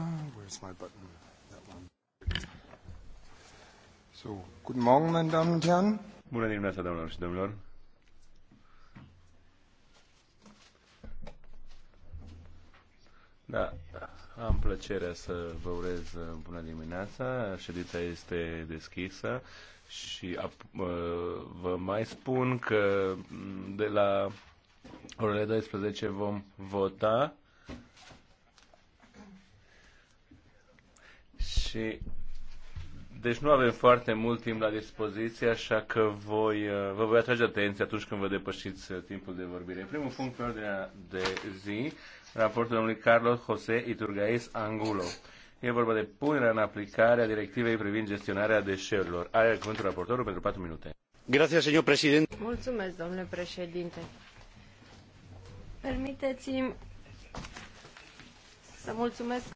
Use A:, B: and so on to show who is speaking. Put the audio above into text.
A: Ah, where's my button? That one. So, guten Morgen, meine Damen und Herren. Bună
B: dimineața, doamnelor și domnilor. Da, am plăcerea să vă urez uh, bună dimineața. Ședința este deschisă și uh, vă mai spun că mm, de la orele 12 vom vota Și deci nu avem foarte mult timp la dispoziție, așa că voi, uh, vă voi atrage atenția atunci când vă depășiți uh, timpul de vorbire. Primul punct pe ordinea de zi, raportul domnului Carlos José Iturgaiz Angulo. E vorba de punerea în aplicare a directivei privind gestionarea deșeurilor. Are cuvântul raportorul pentru 4 minute. Gracias, señor presidente.
C: Mulțumesc, domnule președinte. Permiteți-mi să mulțumesc